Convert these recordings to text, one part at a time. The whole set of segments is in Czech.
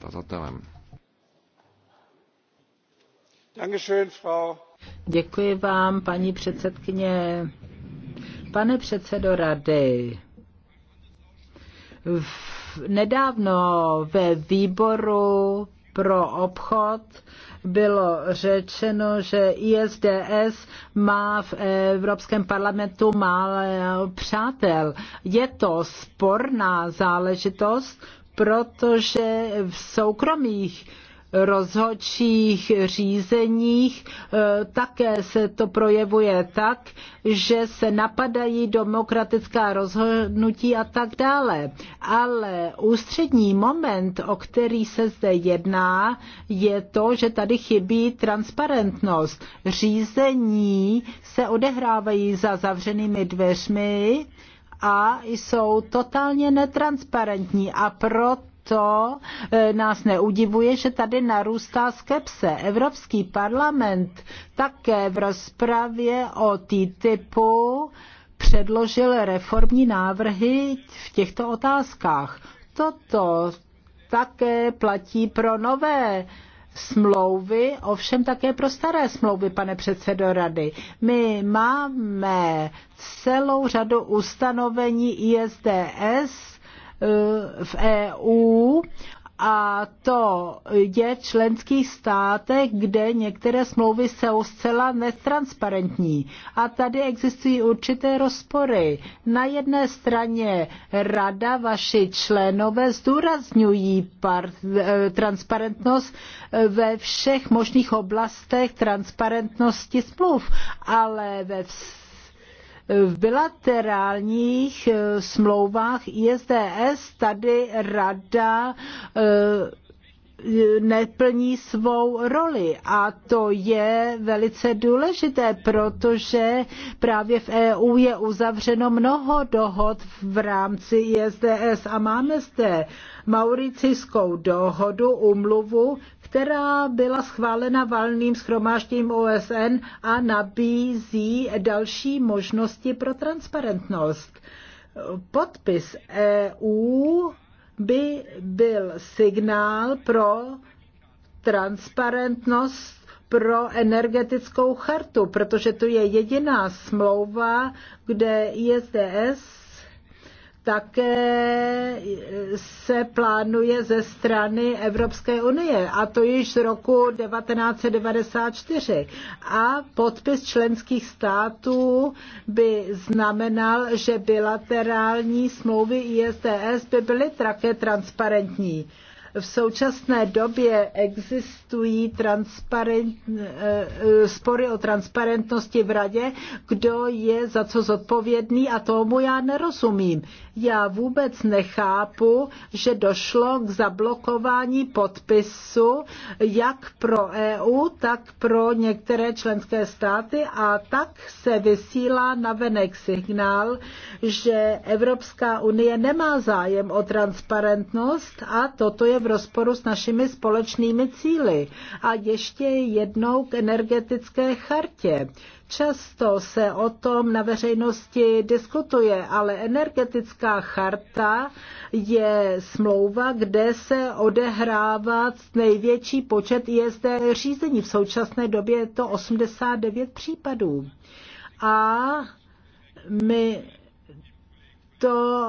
tazatelem. Děkuji vám, paní předsedkyně. Pane předsedo rady, nedávno ve výboru pro obchod bylo řečeno, že ISDS má v Evropském parlamentu málo přátel. Je to sporná záležitost, protože v soukromých rozhodčích řízeních e, také se to projevuje tak, že se napadají demokratická rozhodnutí a tak dále. Ale ústřední moment, o který se zde jedná, je to, že tady chybí transparentnost. Řízení se odehrávají za zavřenými dveřmi, a jsou totálně netransparentní a proto to e, nás neudivuje, že tady narůstá skepse. Evropský parlament také v rozpravě o TTIPu předložil reformní návrhy v těchto otázkách. Toto také platí pro nové smlouvy, ovšem také pro staré smlouvy, pane předsedo rady. My máme celou řadu ustanovení ISDS eh, v EU a to je v členských státech, kde některé smlouvy jsou zcela netransparentní. A tady existují určité rozpory. Na jedné straně rada, vaši členové zdůrazňují part, eh, transparentnost eh, ve všech možných oblastech transparentnosti smluv, ale ve v bilaterálních eh, smlouvách ISDS tady rada eh, neplní svou roli a to je velice důležité, protože právě v EU je uzavřeno mnoho dohod v rámci ISDS a máme zde Mauricijskou dohodu, umluvu, která byla schválena valným schromáštěním OSN a nabízí další možnosti pro transparentnost. Podpis EU by byl signál pro transparentnost pro energetickou chartu, protože to je jediná smlouva, kde ISDS také eh, se plánuje ze strany Evropské unie, a to již z roku 1994. A podpis členských států by znamenal, že bilaterální smlouvy ISDS by byly také transparentní. V současné době existují transparent, eh, spory o transparentnosti v radě, kdo je za co zodpovědný a tomu já nerozumím. Já vůbec nechápu, že došlo k zablokování podpisu jak pro EU, tak pro některé členské státy a tak se vysílá venek signál, že Evropská unie nemá zájem o transparentnost a toto je v rozporu s našimi společnými cíly. A ještě jednou k energetické chartě. Často se o tom na veřejnosti diskutuje, ale energetická charta je smlouva, kde se odehrává největší počet ISD řízení. V současné době je to 89 případů. A my to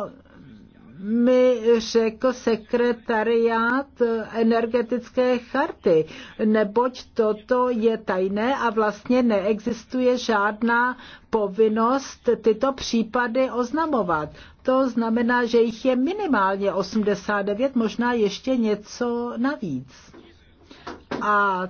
mi řekl sekretariát energetické charty, neboť toto je tajné a vlastně neexistuje žádná povinnost tyto případy oznamovat. To znamená, že jich je minimálně 89, možná ještě něco navíc. A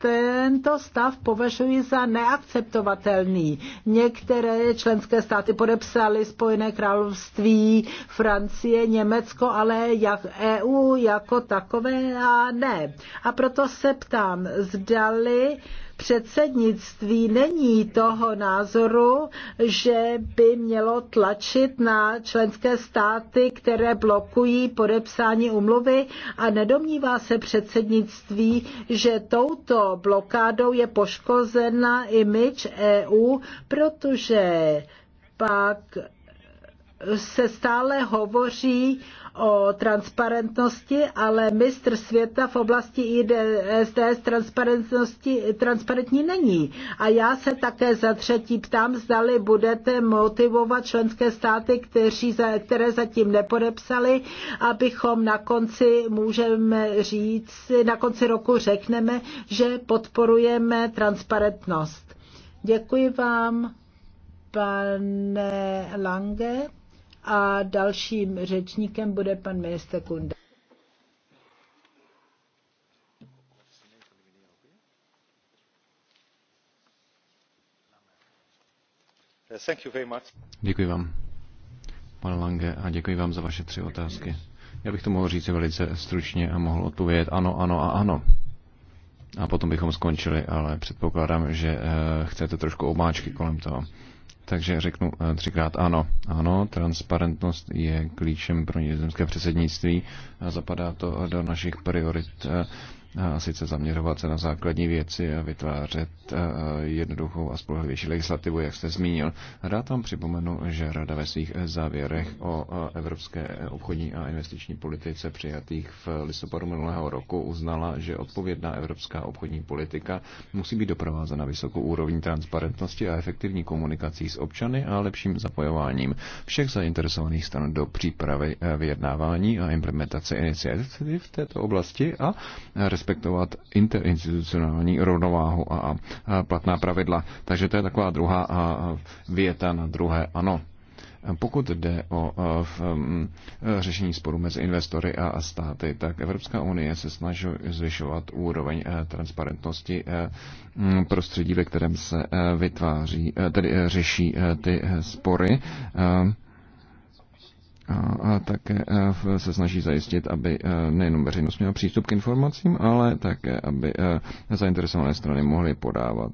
tento stav považuji za neakceptovatelný. Některé členské státy podepsaly Spojené království, Francie, Německo, ale jak EU jako takové a ne. A proto se ptám, zdali Předsednictví není toho názoru, že by mělo tlačit na členské státy, které blokují podepsání umluvy a nedomnívá se předsednictví, že touto blokádou je poškozena image EU, protože pak se stále hovoří o transparentnosti, ale mistr světa v oblasti IDSDS transparentnosti, transparentní není. A já se také za třetí ptám, zdali budete motivovat členské státy, kteří, které zatím nepodepsali, abychom na konci můžeme říct, na konci roku řekneme, že podporujeme transparentnost. Děkuji vám, pane Lange a dalším řečníkem bude pan minister Kunda. Děkuji vám, pane Lange, a děkuji vám za vaše tři otázky. Já bych to mohl říct velice stručně a mohl odpovědět ano, ano a ano. A potom bychom skončili, ale předpokládám, že eh, chcete trošku obáčky kolem toho. Takže řeknu eh, třikrát ano. Ano, transparentnost je klíčem pro nizozemské předsednictví. Zapadá to do našich priorit eh, a sice zaměřovat se na základní věci a vytvářet eh, jednoduchou a spolehlivější legislativu, jak jste zmínil. Rád vám připomenu, že Rada ve svých eh, závěrech o eh, evropské obchodní a investiční politice přijatých v listopadu minulého roku uznala, že odpovědná evropská obchodní politika musí být doprovázena vysokou úrovní transparentnosti a efektivní komunikací s občany a lepším zapojováním všech zainteresovaných stran do přípravy vyjednávání a implementace iniciativ v této oblasti a respektovat interinstitucionální rovnováhu a platná pravidla. Takže to je taková druhá věta na druhé ano. Pokud jde o v, řešení sporu mezi investory a státy, tak Evropská unie se snaží zvyšovat úroveň e, transparentnosti e, prostředí, ve kterém se e, vytváří, tedy řeší ty spory a také e, se snaží zajistit, aby e, nejenom veřejnost měla přístup k informacím, ale také, aby e, zainteresované strany mohly podávat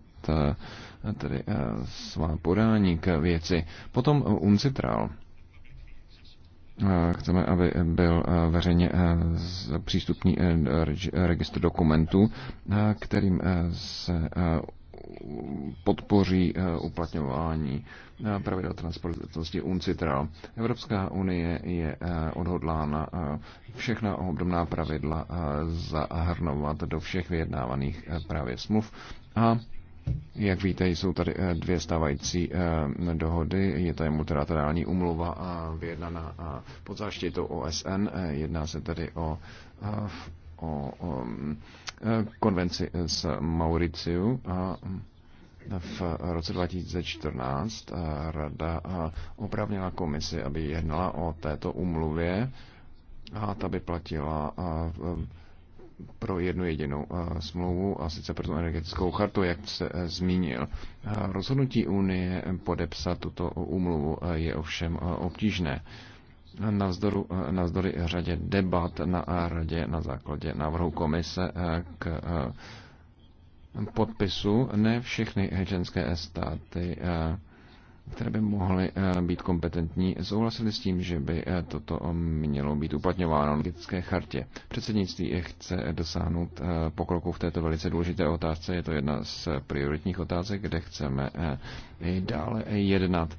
tedy svá podání k věci. Potom UNCITRAL. Chceme, aby byl veřejně přístupný registr dokumentů, kterým se podpoří eh, uplatňování eh, pravidel transportnosti UNCITRAL. Evropská unie je eh, odhodlána všechna obdobná pravidla zahrnovat do všech vyjednávaných právě smluv a jak víte, jsou tady dvě stávající dohody. Je tady multilaterální umluva vyjednaná pod záštitou OSN. Jedná se tady o o, e, konvenci z Mauriciu a v roce 2014 e, rada e, opravnila komisi, aby jednala o této umluvě a ta by platila pro jednu jedinou smlouvu, a sice pro tu energetickou chartu, jak se zmínil. Rozhodnutí Unie podepsat tuto umluvu je ovšem obtížné na navzdory řadě debat na radě na základě návrhu komise eh, k eh, podpisu. Ne všechny členské státy, eh, které by mohly být kompetentní, souhlasili s tím, že by toto mělo být uplatňováno na logické chartě. Předsednictví chce dosáhnout pokroku v této velice důležité otázce. Je to jedna z prioritních otázek, kde chceme i dále jednat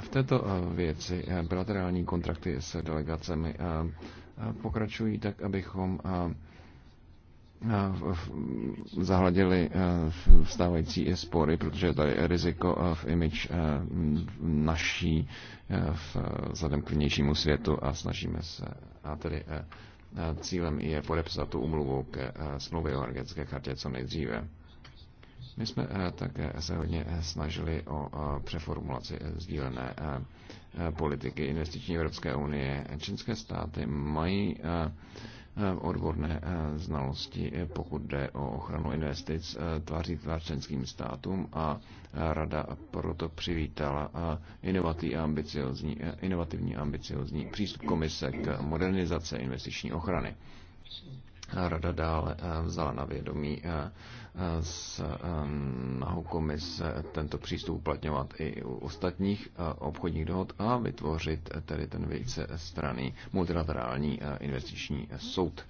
v této eh, věci eh, bilaterální kontrakty s delegacemi eh, pokračují tak, abychom zahladili vstávající spory, protože je riziko v image naší vzhledem k vnějšímu světu a snažíme se a tedy cílem je podepsat tu umluvu ke smlouvě o energetické chartě co nejdříve. My jsme eh, také se hodně eh, snažili o eh, přeformulaci sdílené politiky investiční Evropské unie. Čínské státy mají odborné znalosti, pokud jde o ochranu investic tváří tvář členským státům a rada proto přivítala inovativní a ambiciozní, inovativní ambiciozní přístup komise k modernizaci investiční ochrany. Rada dále eh, vzala na vědomí eh, eh, s nahou komise tento přístup uplatňovat i u ostatních obchodních dohod a vytvořit tedy ten více straný multilaterální investiční soud.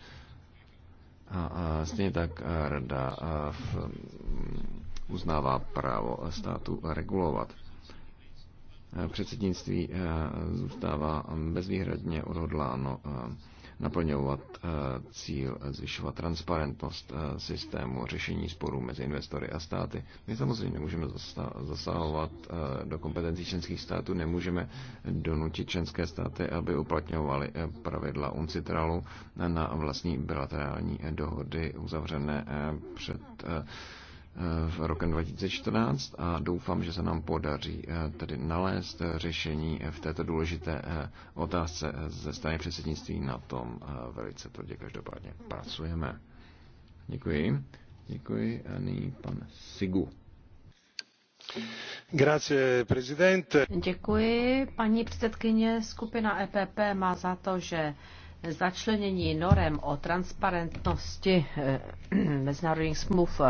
A stejně tak rada mm, uznává právo státu regulovat. Předsednictví zůstává bezvýhradně odhodláno naplňovat eh, cíl eh, zvyšovat transparentnost eh, systému řešení sporů mezi investory a státy. My samozřejmě můžeme zasahovat do kompetencí členských států, nemůžeme donutit členské státy, aby uplatňovaly pravidla UNCITRALu na vlastní bilaterální dohody uzavřené před v roce 2014 a doufám, že se nám podaří eh, tedy nalézt eh, řešení v této důležité eh, otázce ze strany předsednictví. Na tom velice tvrdě každopádně pracujeme. Děkuji. Děkuji a nyní pan Sigu. Grazie, prezidente. Děkuji. Paní předsedkyně, skupina EPP má za to, že začlenění norem o transparentnosti mezinárodních smluv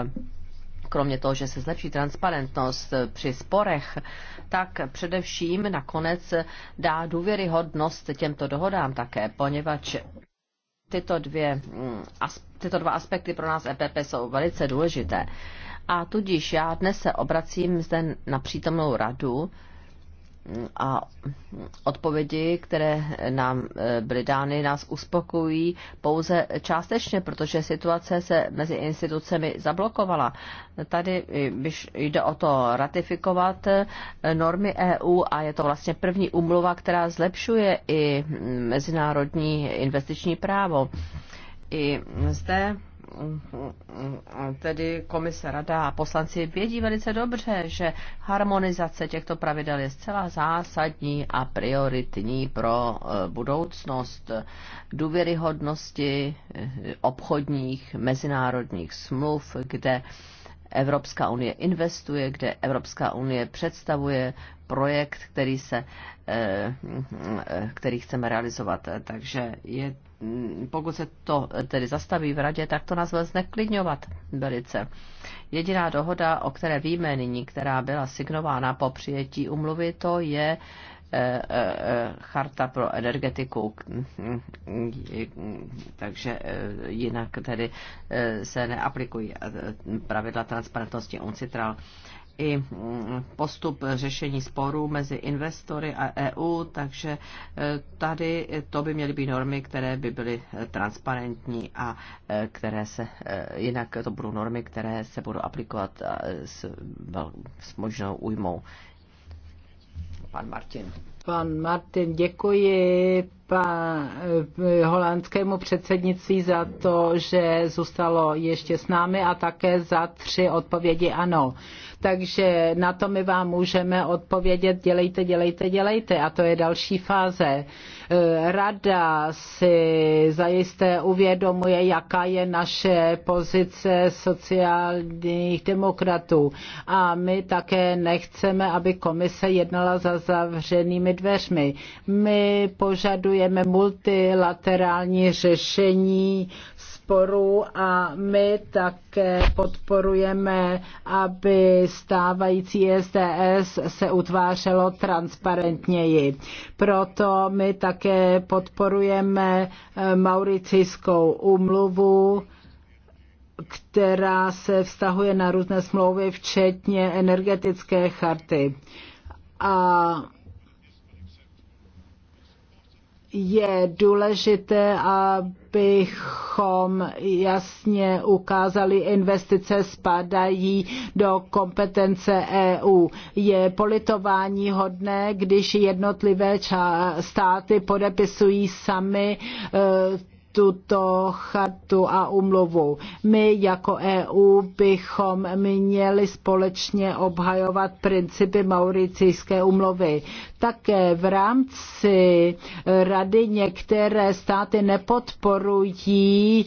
kromě toho, že se zlepší transparentnost při sporech, tak především nakonec dá důvěryhodnost těmto dohodám také, poněvadž tyto, dvě, mm, tyto dva aspekty pro nás EPP jsou velice důležité. A tudíž já dnes se obracím zde na přítomnou radu, a odpovědi, které nám eh, byly dány, nás uspokojí pouze částečně, protože situace se mezi institucemi zablokovala. Tady eh, jde o to ratifikovat eh, normy EU a je to vlastně první umluva, která zlepšuje i mezinárodní investiční právo. I zde tedy komise, rada a poslanci vědí velice dobře, že harmonizace těchto pravidel je zcela zásadní a prioritní pro eh, budoucnost důvěryhodnosti eh, obchodních mezinárodních smluv, kde Evropská unie investuje, kde Evropská unie představuje projekt, který, se, eh, který chceme realizovat. Takže je Mm, pokud se to eh, tedy zastaví v radě, tak to nás bude zneklidňovat velice. Jediná dohoda, o které víme nyní, která byla signována po přijetí umluvy, to je eh, eh, charta pro energetiku. Takže jinak tedy se neaplikují pravidla transparentnosti UNCITRAL i mm, postup řešení sporů mezi investory a EU, takže e, tady to by měly být normy, které by byly e, transparentní a e, které se, jinak to budou normy, které se budou aplikovat s, s možnou újmou. Pan Martin. Pan Martin, děkuji pan, holandskému předsednictví za to, že zůstalo ještě s námi a také za tři odpovědi ano. Takže na to my vám můžeme odpovědět, dělejte, dělejte, dělejte. A to je další fáze. E, rada si zajisté uvědomuje, jaká je naše pozice sociálních demokratů. A my také nechceme, aby komise jednala za zavřenými dveřmi. My požadujeme multilaterální řešení s sporů a my také podporujeme, aby stávající SDS se utvářelo transparentněji. Proto my také podporujeme eh, Mauricijskou umluvu, která se vztahuje na různé smlouvy, včetně energetické charty. A je důležité, abychom jasně ukázali, investice spadají do kompetence EU. Je politování hodné, když jednotlivé státy podepisují sami eh, tuto chartu a umluvu. My jako EU bychom měli společně obhajovat principy mauricijské umluvy. Také v rámci rady některé státy nepodporují eh,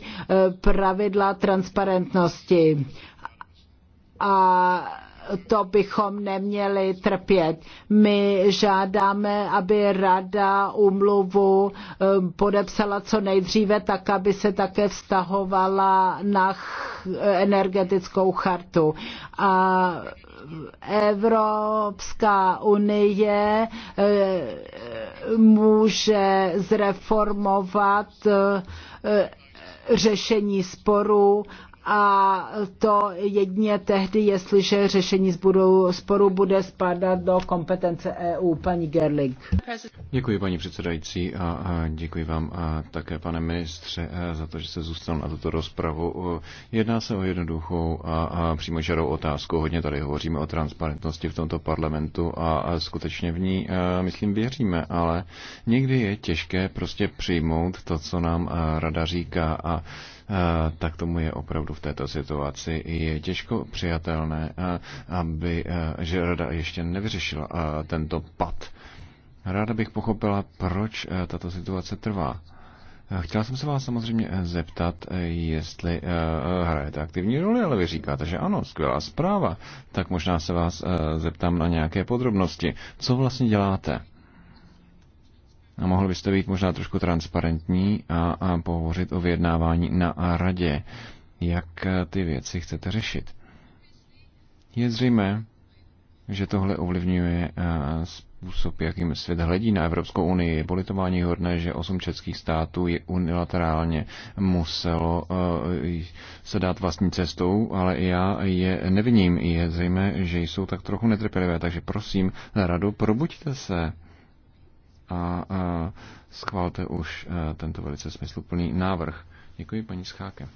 pravidla transparentnosti. A to bychom neměli trpět. My žádáme, aby rada úmluvu um, podepsala co nejdříve, tak aby se také vztahovala na energetickou chartu. A Evropská unie eh, může zreformovat eh, řešení sporů a to jedině tehdy, jestliže řešení zbudu, sporu bude spadat do kompetence EU. Paní Gerling. Děkuji, paní předsedající, a děkuji vám a také, pane ministře, e, za to, že se zůstal na tuto rozpravu. Jedná se o jednoduchou a přímo žarou otázku. Hodně tady hovoříme o transparentnosti v tomto parlamentu a skutečně v ní, e, myslím, věříme, ale někdy je těžké prostě přijmout to, co nám e, rada říká a tak tomu je opravdu v této situaci. Je těžko přijatelné, aby, že rada ještě nevyřešila tento pad. Ráda bych pochopila, proč tato situace trvá. Chtěla jsem se vás samozřejmě e, zeptat, e, jestli uh, hrajete aktivní roli, ale vy říkáte, že ano, skvělá zpráva. Tak možná se vás uh, zeptám na nějaké podrobnosti. Co vlastně děláte? A mohl byste být možná trošku transparentní a, a pohovořit o vyjednávání na radě, jak ty věci chcete řešit. Je zřejmé, že tohle ovlivňuje způsob, jakým svět hledí na Evropskou unii. Je politování hodné, že osm českých států je unilaterálně muselo se dát vlastní cestou, ale já je nevním. Je zřejmé, že jsou tak trochu netrpělivé, takže prosím, radu, probuďte se a, a schválte už e, tento velice smysluplný návrh. Děkuji paní Scháke.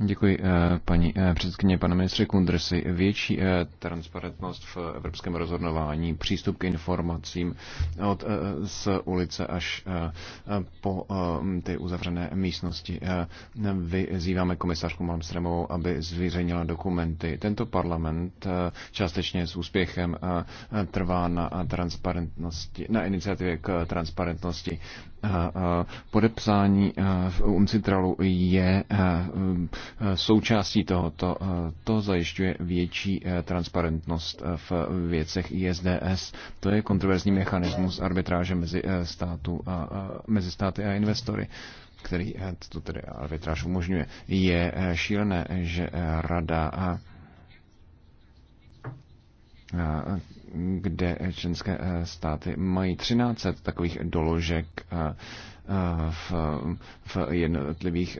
Děkuji, eh, paní eh, předsedkyně, pane ministře Kundresy. Větší eh, transparentnost v evropském rozhodnování, přístup k informacím od z ulice až po ty uzavřené místnosti. Vyzýváme komisařku Malmstremovou, aby zveřejnila dokumenty. Tento parlament částečně s úspěchem trvá na transparentnosti, na iniciativě k transparentnosti podepsání v UNCITRALu je součástí tohoto. To zajišťuje větší transparentnost v věcech ISDS. To je kontroverzní mechanismus arbitráže mezi, státu a, mezi státy a investory který to tedy arbitráž umožňuje, je šílené, že rada kde členské e, státy mají 13 takových doložek e, e, v, v jednotlivých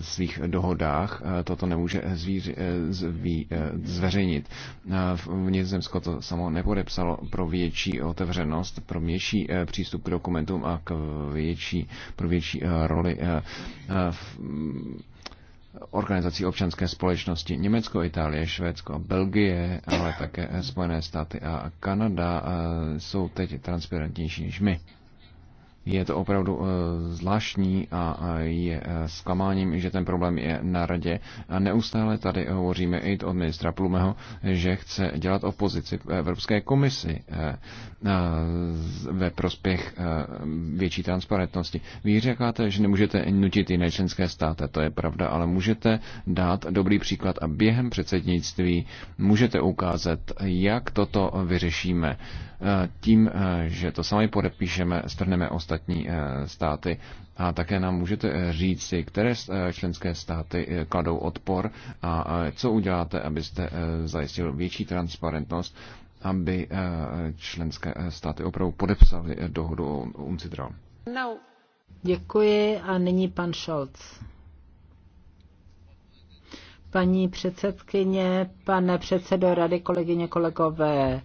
svých dohodách. Toto nemůže zvíři, zví, zveřejnit. V Nizozemsko to samo nepodepsalo pro větší otevřenost, pro větší přístup k dokumentům a k větší, pro větší roli v organizací občanské společnosti. Německo, Itálie, Švédsko, Belgie, ale také Spojené státy a Kanada eh, jsou teď transparentnější než my. Je to opravdu eh, zvláštní a je eh, zklamáním, že ten problém je na radě. A neustále tady hovoříme i od ministra Plumeho, že chce dělat opozici v Evropské komisi eh, ve prospěch větší transparentnosti. Vy říkáte, že nemůžete nutit jiné členské státy, to je pravda, ale můžete dát dobrý příklad a během předsednictví můžete ukázat, jak toto vyřešíme tím, eh, že to sami podepíšeme, strhneme ostatní eh, státy. A také nám můžete eh, říct, které členské státy kladou odpor a co uděláte, abyste zajistil větší transparentnost, aby členské státy opravdu podepsaly dohodu o UNCITRAL. No. Děkuji a nyní pan Scholz. Paní předsedkyně, pane předsedo rady, kolegyně, kolegové,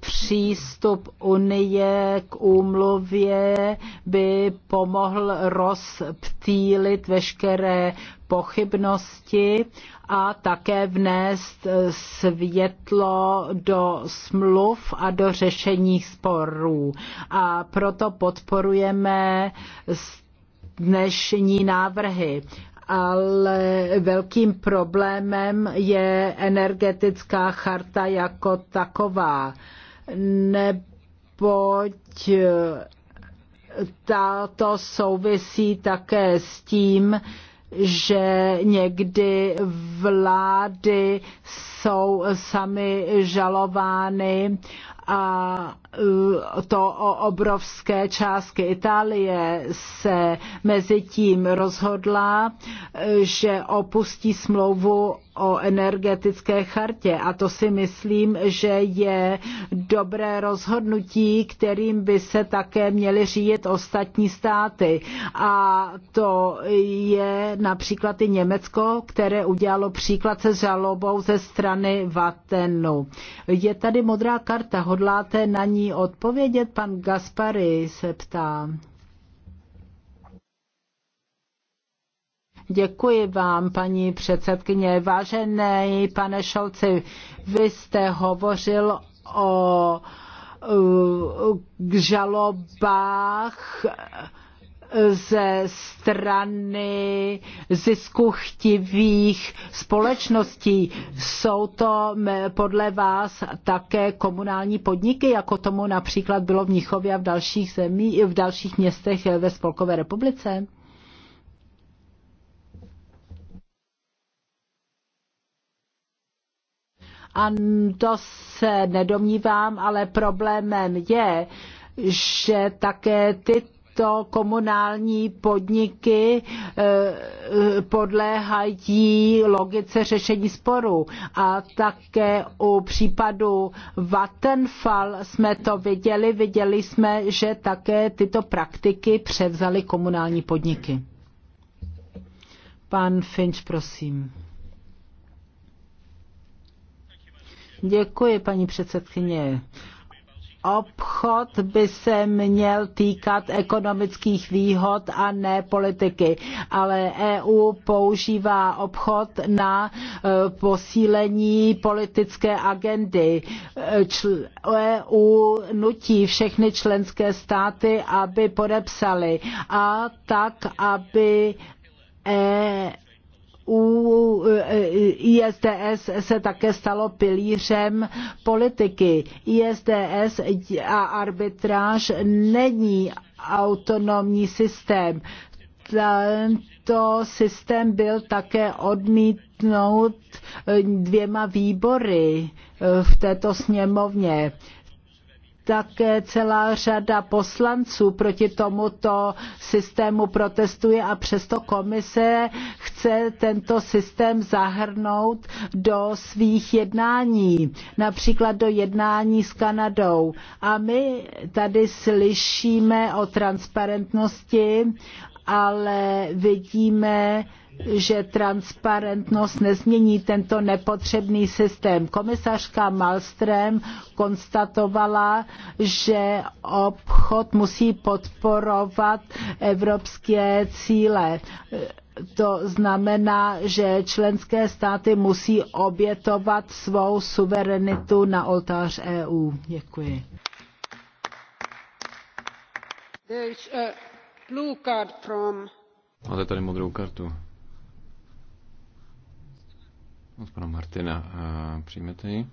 přístup Unie k úmluvě by pomohl rozptýlit veškeré pochybnosti a také vnést světlo do smluv a do řešení sporů. A proto podporujeme dnešní návrhy ale velkým problémem je energetická charta jako taková, neboť eh, tato souvisí také s tím, že někdy vlády jsou sami žalovány a e, to o obrovské částky. Itálie se mezi tím rozhodla, e, že opustí smlouvu o energetické chartě a to si myslím, že je dobré rozhodnutí, kterým by se také měly řídit ostatní státy. A to je například i Německo, které udělalo příklad se žalobou ze strany strany Vatenu. Je tady modrá karta, hodláte na ní odpovědět? Pan Gaspary se ptá. Děkuji vám, paní předsedkyně. Vážený pane Šolci, vy jste hovořil o uh, k žalobách ze strany ziskuchtivých společností. Jsou to podle vás také komunální podniky, jako tomu například bylo v nichově a v dalších, zemí, v dalších městech eh, ve Spolkové republice? A to se nedomnívám, ale problémem je, že také tyto to komunální podniky eh, podléhají logice řešení sporů. A také u případu Vattenfall jsme to viděli. Viděli jsme, že také tyto praktiky převzaly komunální podniky. Pan Finch, prosím. Děkuji, paní předsedkyně obchod by se měl týkat ekonomických výhod a ne politiky, ale EU používá obchod na e, posílení politické agendy. EU e nutí všechny členské státy, aby podepsali a tak, aby EU u eh, ISDS se také stalo pilířem politiky. ISDS a arbitráž není autonomní systém. Tento systém byl také odmítnout dvěma výbory v této sněmovně také celá řada poslanců proti tomuto systému protestuje a přesto komise chce tento systém zahrnout do svých jednání, například do jednání s Kanadou. A my tady slyšíme o transparentnosti, ale vidíme, že transparentnost nezmění tento nepotřebný systém. Komisařka Malström konstatovala, že obchod musí podporovat evropské cíle. To znamená, že členské státy musí obětovat svou suverenitu na oltář EU. Děkuji. Máte tady modrou kartu. Od pana Martina. Eh, přijmete ji?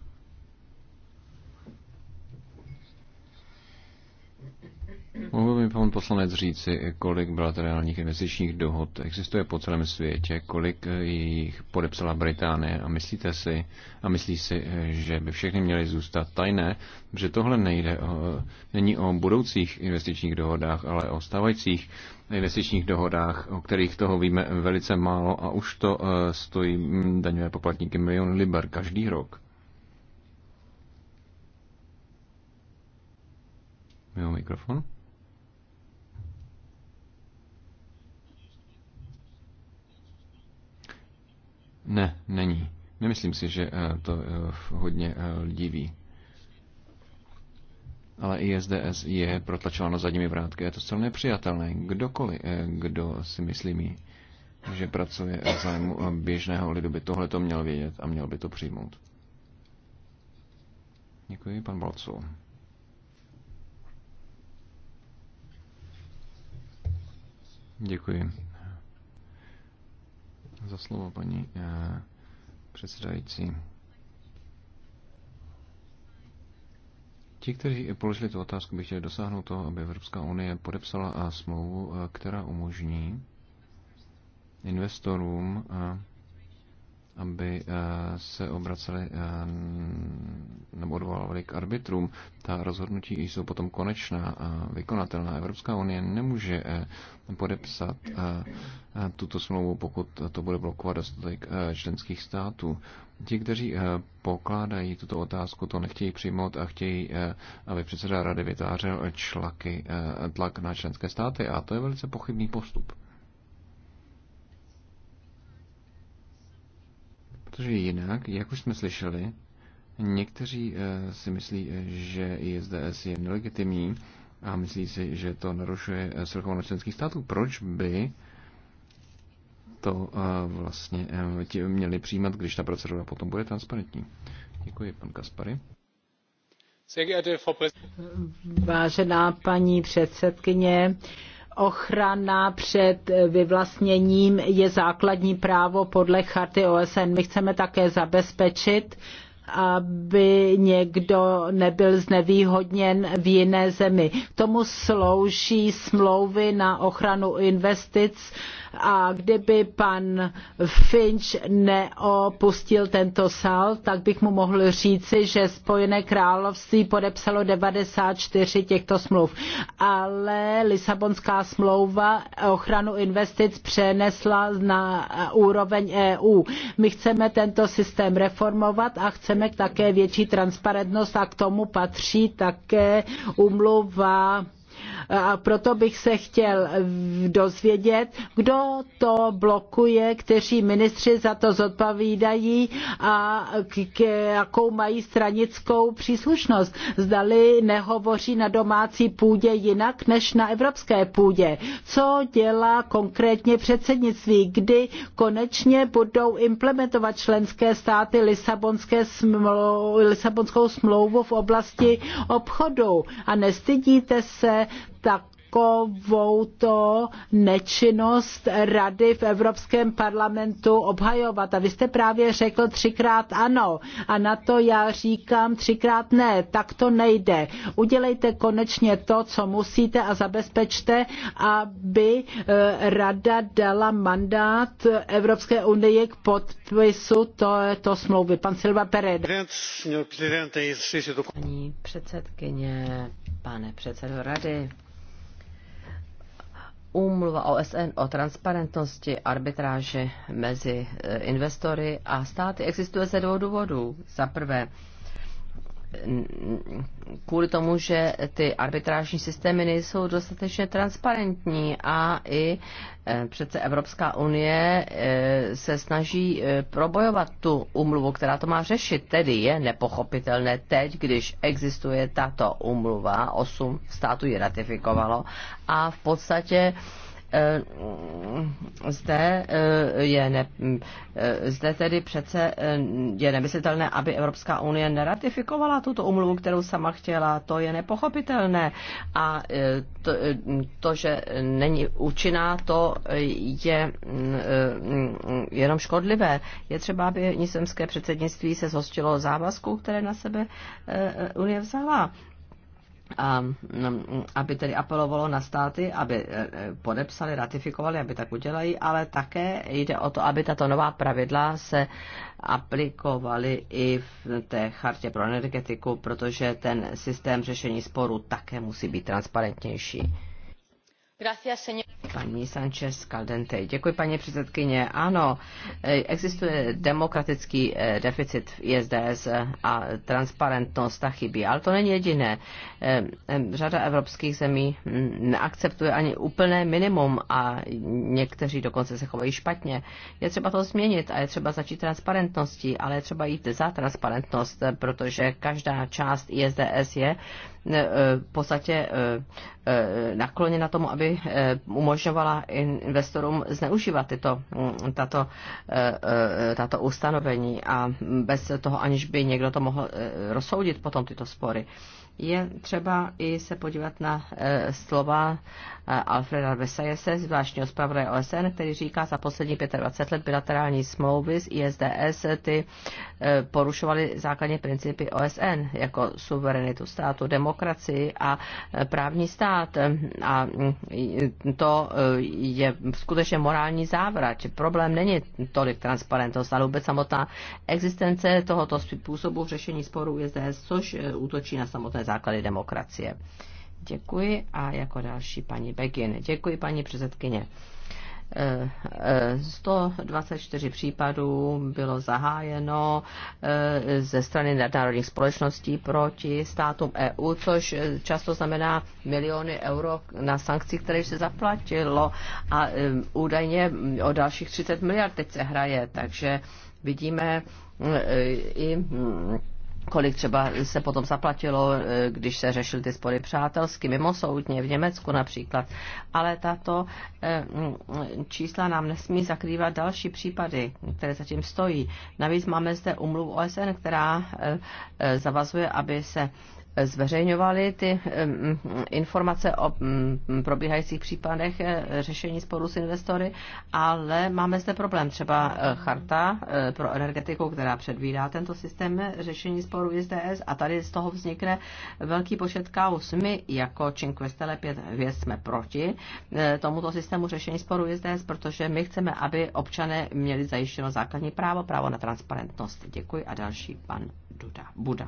Mohl by mi pan poslanec říci, kolik bilaterálních investičních dohod existuje po celém světě, kolik jich podepsala Británie a myslíte si, a myslí si, že by všechny měly zůstat tajné, že tohle nejde o, není o budoucích investičních dohodách, ale o stávajících investičních dohodách, o kterých toho víme velice málo a už to eh, stojí hm, daňové poplatníky milion liber každý rok. Mimo mikrofon. Ne, není. Nemyslím si, že eh, to eh, hodně eh, lidí ví. Ale ISDS je protlačováno zadními vrátky. Je to zcela nepřijatelné. Kdokoliv, kdo si myslí, že pracuje v zájmu běžného lidu, by tohle to měl vědět a měl by to přijmout. Děkuji, pan Balcu. Děkuji za slovo, paní eh, předsedající. Ti, kteří položili tu otázku, by chtěli dosáhnout toho, aby Evropská unie podepsala eh, smlouvu, eh, která umožní investorům aby eh, se obraceli eh, nebo odvolávali k arbitrům. Ta rozhodnutí jsou potom konečná a vykonatelná. Evropská unie nemůže eh, podepsat tuto smlouvu, pokud to bude blokovat dostatek členských států. Ti, kteří pokládají tuto otázku, to nechtějí přijmout a chtějí, aby předseda rady vytvářel člaky, tlak na členské státy. A to je velice pochybný postup. Protože jinak, jak už jsme slyšeli, někteří eh, si myslí, eh, že ISDS je nelegitimní a myslí si, že to narušuje eh, svrchovanost členských států. Proč by to vlastně ti měli přijímat, když ta procedura potom bude transparentní? Děkuji, pan Kaspary. Vážená paní předsedkyně, ochrana před vyvlastněním je základní právo podle charty OSN. My chceme také zabezpečit, aby někdo nebyl znevýhodněn v jiné zemi. K tomu slouží smlouvy na ochranu investic a kdyby pan Finch neopustil tento sál, tak bych mu mohl říci, že Spojené království podepsalo 94 těchto smluv. Ale Lisabonská smlouva ochranu investic přenesla na úroveň EU. My chceme tento systém reformovat a chceme také větší transparentnost a k tomu patří také umluva a proto bych se chtěl dozvědět, kdo to blokuje, kteří ministři za to zodpovídají a k, jakou mají stranickou příslušnost. Zdali nehovoří na domácí půdě jinak než na evropské půdě. Co dělá konkrétně předsednictví, kdy konečně budou implementovat členské státy Lisabonské smlou, Lisabonskou smlouvu v oblasti obchodu? A nestydíte se tak takovouto nečinnost rady v Evropském parlamentu obhajovat. A vy jste právě řekl třikrát ano a na to já říkám třikrát ne, tak to nejde. Udělejte konečně to, co musíte a zabezpečte, aby eh, rada dala mandát Evropské unii k podpisu to smlouvy. Pan Silva Pereda. Paní předsedkyně, pane předsedo rady, úmluva OSN o transparentnosti arbitráže mezi eh, investory a státy existuje ze dvou důvodů. Za prvé, kvůli tomu, že ty arbitrážní systémy nejsou dostatečně transparentní a i e, přece Evropská unie e, se snaží e, probojovat tu umluvu, která to má řešit. Tedy je nepochopitelné teď, když existuje tato umluva, osm států ji ratifikovalo a v podstatě Eh, zde eh, je ne, eh, zde tedy přece je nemyslitelné, aby Evropská unie neratifikovala tuto umluvu, kterou sama chtěla. To je nepochopitelné. A to, to že není účinná, to je jenom škodlivé. Je třeba, aby nizemské předsednictví se zhostilo závazku, které na sebe Unie vzala a, no, aby tedy apelovalo na státy, aby e, e, podepsali, ratifikovali, aby tak udělají, ale také jde o to, aby tato nová pravidla se aplikovaly i v té chartě pro energetiku, protože ten systém řešení sporů také musí být transparentnější. Paní Sanchez Caldente. Děkuji, paní předsedkyně. Ano, eh, existuje demokratický eh, deficit v ISDS eh, a transparentnost ta chybí, ale to není jediné. Řada evropských zemí hm, neakceptuje ani úplné minimum a někteří dokonce se chovají špatně. Je třeba to změnit a je třeba začít transparentností, ale je třeba jít za transparentnost, protože každá část ISDS je v podstatě nakloněna tomu, aby aby eh, umožňovala investorům zneužívat tyto, mm, tato, eh, eh, tato ustanovení a bez toho, aniž by někdo to mohl rozsoudit potom tyto spory je třeba i se podívat na e, slova e, Alfreda Vesajese, zvláštního zpravodaje OSN, který říká, za poslední 25 let bilaterální smlouvy z ISDS ty e, porušovaly základní principy OSN, jako suverenitu státu, demokracii a e, právní stát. E, a e, to e, je skutečně morální závrat. Problém není tolik transparentnost, ale vůbec samotná existence tohoto způsobu řešení sporů ISDS, což e, útočí na samotné základy demokracie. Děkuji a jako další paní Begin. Děkuji paní předsedkyně. 124 eh, eh, případů bylo zahájeno eh, ze strany nadnárodních společností proti státům EU, což často znamená miliony euro na sankcích, které se zaplatilo a údajně mm, o dalších 30 miliard teď se hraje, takže vidíme i mm, kolik třeba se potom zaplatilo, eh, když se řešily ty spory přátelsky, mimo soudně, v Německu například. Ale tato eh, mm, čísla nám nesmí zakrývat další případy, které zatím stojí. Navíc máme zde umluvu OSN, která eh, zavazuje, aby se zveřejňovali ty informace o probíhajících případech eh, řešení sporu s investory, ale máme zde problém. Třeba eh, charta eh, pro energetiku, která předvídá tento systém řešení sporu SDS a tady z toho vznikne velký počet kaus. My jako Cinque Stelle 5 věc jsme proti tomuto systému řešení sporu SDS, protože my chceme, aby občané měli zajištěno základní právo, právo na transparentnost. Děkuji a další pan Duda. Buda.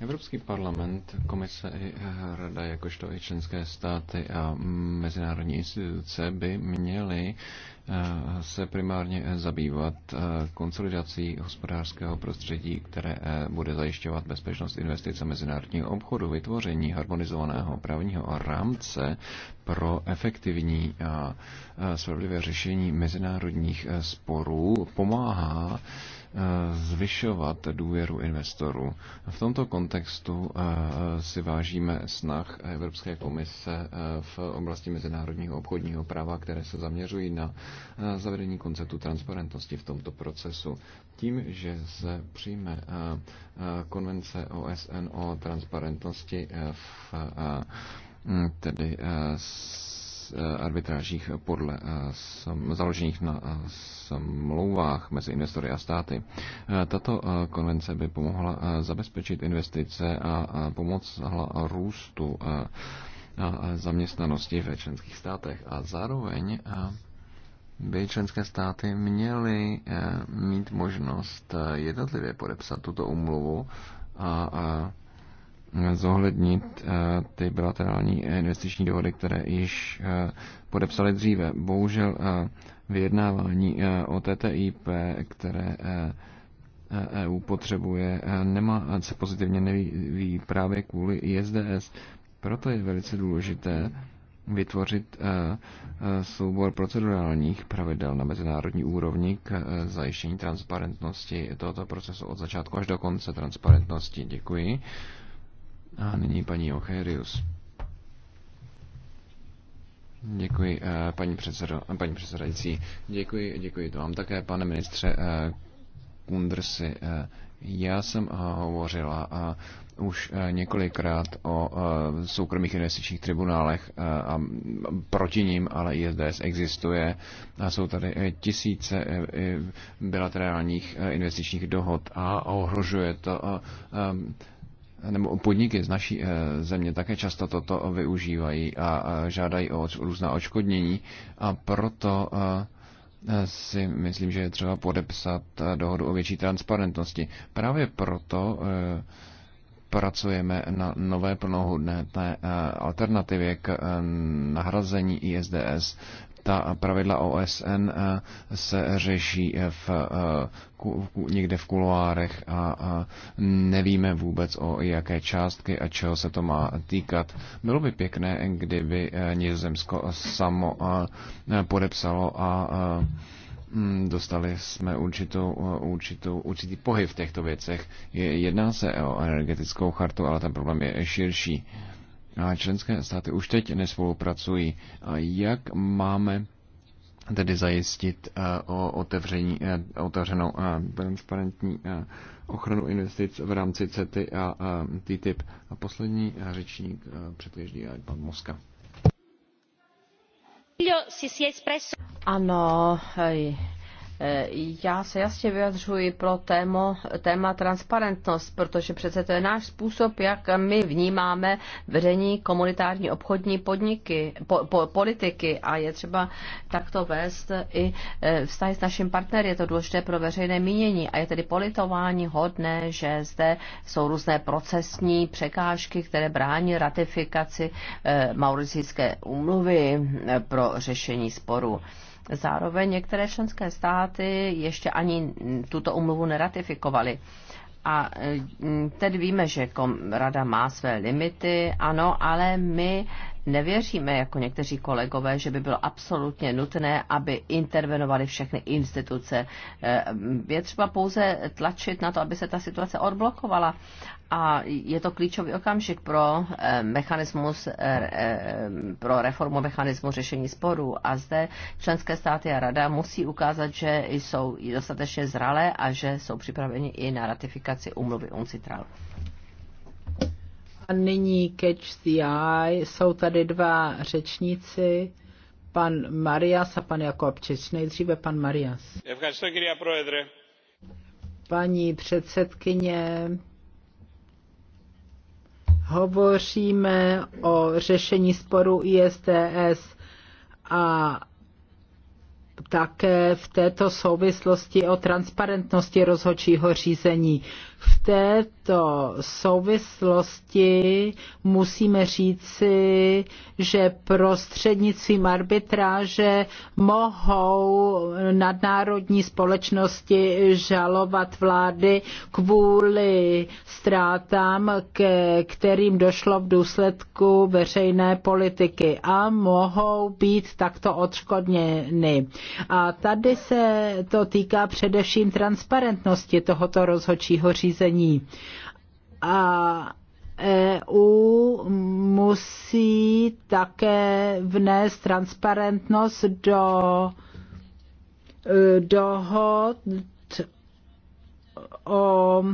Evropský parlament, komise i eh, rada, jakožto i členské státy a mezinárodní instituce by měly eh, se primárně eh, zabývat konsolidací hospodářského prostředí, které bude zajišťovat bezpečnost investice mezinárodního obchodu, vytvoření harmonizovaného právního rámce pro efektivní a spravedlivé řešení mezinárodních sporů pomáhá Eh, zvyšovat důvěru investorů. V tomto kontextu eh, si vážíme snah Evropské komise eh, v oblasti mezinárodního obchodního práva, které se zaměřují na zavedení konceptu transparentnosti v tomto procesu. Tím, že se přijme konvence OSN o transparentnosti v tedy s Eh, arbitrážích podle eh, založených na eh, smlouvách mezi investory a státy. Tato konvence by pomohla zabezpečit investice a pomohla růstu a zaměstnanosti ve členských státech a zároveň by členské státy měly mít možnost jednotlivě podepsat tuto umluvu a zohlednit eh, ty bilaterální investiční dohody, které již eh, podepsali dříve. Bohužel eh, vyjednávání o TTIP, které EU e potřebuje, nemá se pozitivně neví právě kvůli ISDS. Proto je velice důležité vytvořit soubor procedurálních pravidel na mezinárodní úrovni k zajištění transparentnosti tohoto procesu od začátku až do konce transparentnosti. Děkuji. A nyní paní Ocherius. Děkuji, eh, paní, předsedo, paní předsedající. Děkuji, děkuji to vám také, pane ministře eh, Kundrsi. Eh, já jsem hovořila už několikrát o soukromých investičních tribunálech a proti ním, ale ISDS existuje a jsou tady tisíce bilaterálních investičních dohod a ohrožuje to nebo podniky z naší eh, země také často toto využívají a žádají o různá očkodnění a proto eh, eh, si myslím, že je třeba podepsat dohodu o větší transparentnosti. Právě proto pracujeme na nové té eh, alternativě k eh, nahrazení ISDS. Ta pravidla OSN eh, se řeší v, někde v kuloárech a nevíme vůbec o jaké částky a čeho se to má týkat. Bylo by pěkné, kdyby Nizozemsko samo podepsalo a Mm, dostali jsme určitou, eh, určitou, určitý pohyb v těchto věcech. Jedná se o energetickou chartu, ale ten problém je širší. A členské státy už teď nespolupracují. A jak máme tedy zajistit eh, o otevření, eh, otevřenou a transparentní ochranu investic v rámci CETY a TTIP. A poslední řečník předvěždí pan Moska. Ano, já se jasně vyjadřuji pro témo, téma transparentnost, protože přece to je náš způsob, jak my vnímáme vedení komunitární obchodní podniky, po, po, politiky a je třeba takto vést i e, vztahy s naším partnery. Je to důležité pro veřejné mínění a je tedy politování hodné, že zde jsou různé procesní překážky, které brání ratifikaci e, mauricijské úmluvy e, pro řešení sporu. Zároveň některé členské státy ještě ani tuto umluvu neratifikovaly. A e, teď víme, že Rada má své limity, ano, ale my nevěříme, jako někteří kolegové, že by bylo absolutně nutné, aby intervenovaly všechny instituce. Eh, je třeba pouze tlačit na to, aby se ta situace odblokovala. A je to klíčový okamžik pro eh, mechanismus, eh, pro reformu mechanismu řešení sporů. A zde členské státy a rada musí ukázat, že jsou dostatečně zralé a že jsou připraveni i na ratifikaci umluvy UNCITRAL. A nyní Catch the Eye. Jsou tady dva řečníci, pan Marias a pan Jakobčič. Nejdříve pan Marias. Paní předsedkyně, hovoříme o řešení sporu ISTS a také v této souvislosti o transparentnosti rozhodčího řízení. V této souvislosti musíme říci, že prostřednictvím arbitráže mohou nadnárodní společnosti žalovat vlády kvůli ztrátám, ke kterým došlo v důsledku veřejné politiky a mohou být takto odškodněny. A tady se to týká především transparentnosti tohoto rozhodčího řízení řízení. A EU musí také vnést transparentnost do e, dohod o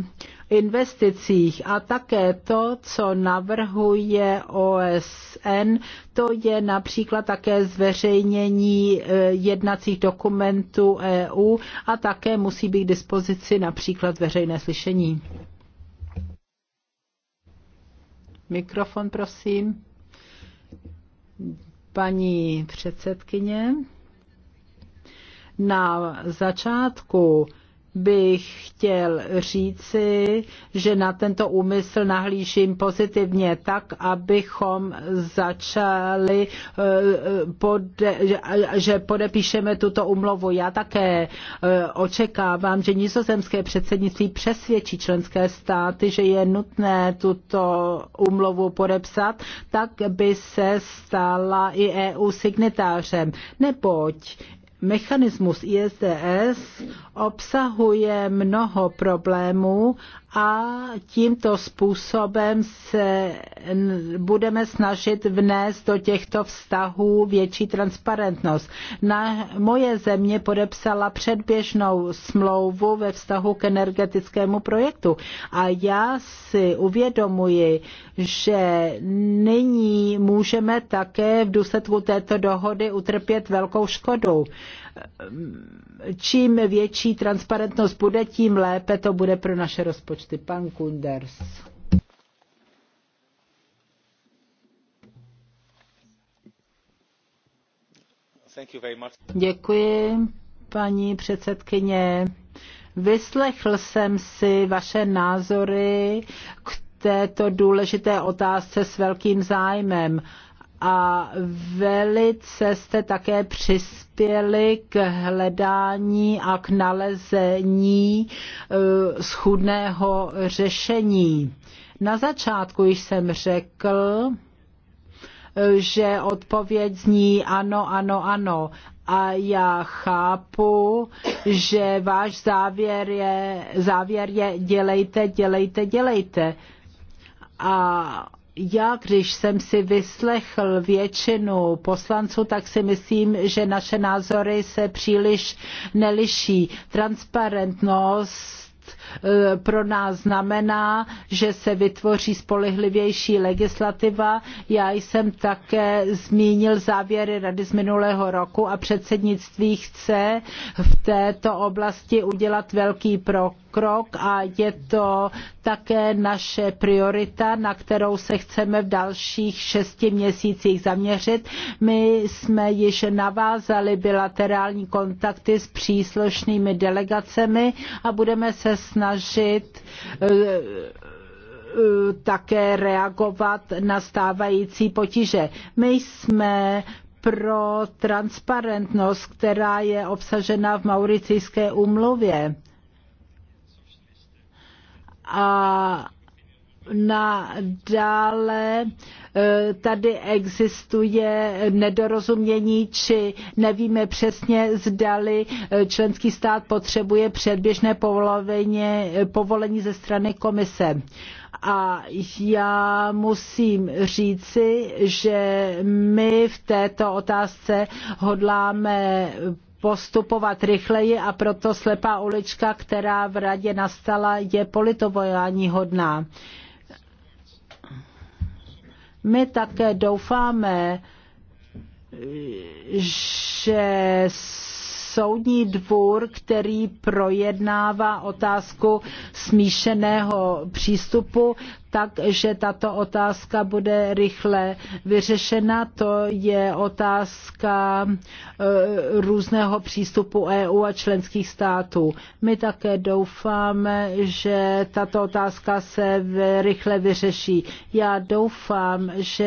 investicích a také to, co navrhuje OSN, to je například také zveřejnění e, jednacích dokumentů EU a také musí být k dispozici například veřejné slyšení. Mikrofon, prosím. Paní předsedkyně, na začátku bych chtěl říci, že na tento úmysl nahlížím pozitivně tak, abychom začali, eh, pode, že podepíšeme tuto umlovu. Já také eh, očekávám, že nizozemské předsednictví přesvědčí členské státy, že je nutné tuto umlovu podepsat, tak by se stala i EU signatářem. Neboť Mechanismus ISDS obsahuje mnoho problémů a tímto způsobem se budeme snažit vnést do těchto vztahů větší transparentnost. Na moje země podepsala předběžnou smlouvu ve vztahu k energetickému projektu a já si uvědomuji, že nyní můžeme také v důsledku této dohody utrpět velkou škodu čím větší transparentnost bude, tím lépe to bude pro naše rozpočty. Pan Kunders. Děkuji, paní předsedkyně. Vyslechl jsem si vaše názory k této důležité otázce s velkým zájmem a velice jste také přispěli k hledání a k nalezení eh, schudného řešení. Na začátku jsem řekl, eh, že odpověď zní ano, ano, ano. A já chápu, že váš závěr je, závěr je dělejte, dělejte, dělejte. A já, když jsem si vyslechl většinu poslanců, tak si myslím, že naše názory se příliš neliší. Transparentnost E, pro nás znamená, že se vytvoří spolehlivější legislativa. Já jsem také zmínil závěry rady z minulého roku a předsednictví chce v této oblasti udělat velký pro krok a je to také naše priorita, na kterou se chceme v dalších šesti měsících zaměřit. My jsme již navázali bilaterální kontakty s příslušnými delegacemi a budeme se snažit snažit eh, eh, také reagovat na stávající potíže. My jsme pro transparentnost, která je obsažena v Mauricijské úmluvě. A na dále eh, tady existuje nedorozumění, či nevíme přesně, zdali eh, členský stát potřebuje předběžné eh, povolení ze strany komise. A já musím říci, že my v této otázce hodláme postupovat rychleji a proto slepá ulička, která v radě nastala, je politování hodná my také doufáme, že soudní dvůr, který projednává otázku smíšeného přístupu, takže tato otázka bude rychle vyřešena. To je otázka eh, různého přístupu EU a členských států. My také doufáme, že tato otázka se rychle vyřeší. Já doufám, že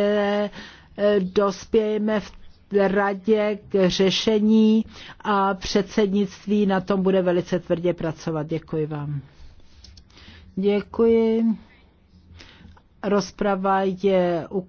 eh, dospějeme v radě k řešení a předsednictví na tom bude velice tvrdě pracovat. Děkuji vám. Děkuji. Rozprava je u